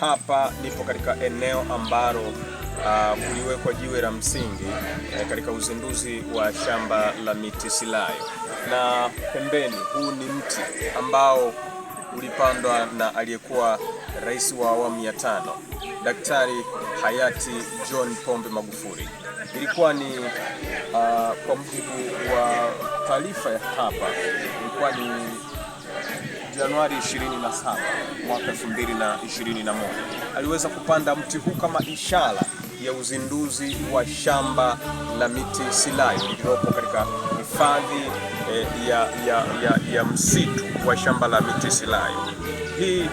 hapa nipo katika eneo ambalo uh, kuliwekwa jiwe la msingi eh, katika uzinduzi wa shamba la miti Silayo, na pembeni huu ni mti ambao ulipandwa na aliyekuwa rais wa awamu ya tano Daktari hayati John Pombe Magufuli. Ilikuwa ni uh, kwa mujibu wa taarifa hapa ilikuwa ni Januari 27 mwaka 2021 aliweza kupanda mti huu kama ishara ya uzinduzi wa shamba la miti Silai lililopo katika hifadhi eh, ya, ya, ya, ya msitu wa shamba la miti Silai. Hii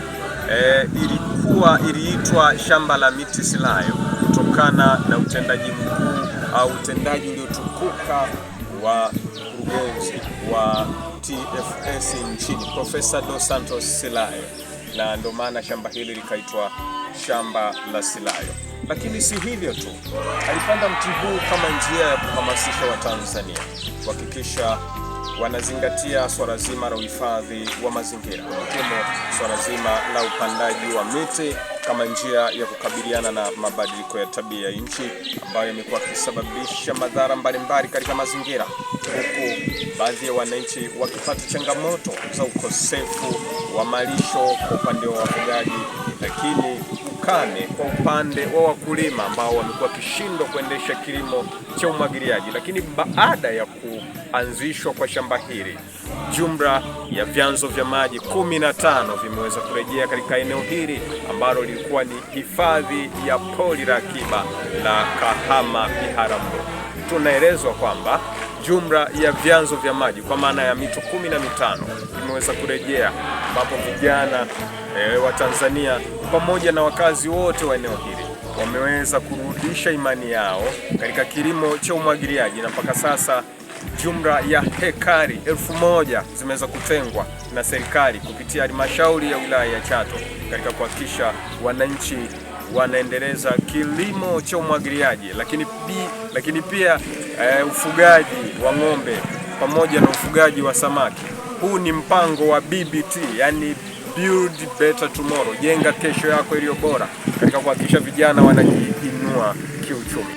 eh, ilikuwa iliitwa shamba la miti Silai kutokana na utendaji mkuu au utendaji uliotukuka wa mkurugenzi wa TFS nchini, Profesa Dos Santos Silayo, na ndio maana shamba hili likaitwa shamba la Silayo. Lakini si hivyo tu, alipanda mti huu kama njia ya kuhamasisha Watanzania kuhakikisha wanazingatia swala zima la uhifadhi wa mazingira, ikiwemo swala zima la upandaji wa miti kama njia ya kukabiliana na mabadiliko ya tabia ya nchi ambayo yamekuwa yakisababisha madhara mbalimbali katika mazingira, huku baadhi ya wananchi wakipata changamoto za ukosefu wa malisho kwa upande wa wafugaji, lakini tukane kwa upande wa wakulima ambao wamekuwa wakishindwa kuendesha kilimo cha umwagiliaji, lakini baada ya kuanzishwa kwa shamba hili jumla ya vyanzo vya maji 15 vimeweza kurejea katika eneo hili ambalo lilikuwa ni hifadhi ya pori la akiba la Kahama Biharamulo. Tunaelezwa kwamba jumla ya vyanzo vya maji kwa maana ya mito kumi na mitano imeweza kurejea, ambapo vijana e, wa Tanzania pamoja na wakazi wote wa eneo hili wameweza kurudisha imani yao katika kilimo cha umwagiliaji na mpaka sasa jumla ya hekari elfu moja zimeweza kutengwa na serikali kupitia halmashauri ya wilaya ya Chato katika kuhakikisha wananchi wanaendeleza kilimo cha umwagiliaji, lakini, lakini pia e, ufugaji wa ng'ombe pamoja na ufugaji wa samaki. Huu ni mpango wa BBT, yani Build Better Tomorrow, jenga kesho yako iliyo bora, katika kuhakikisha vijana wanajiinua kiuchumi.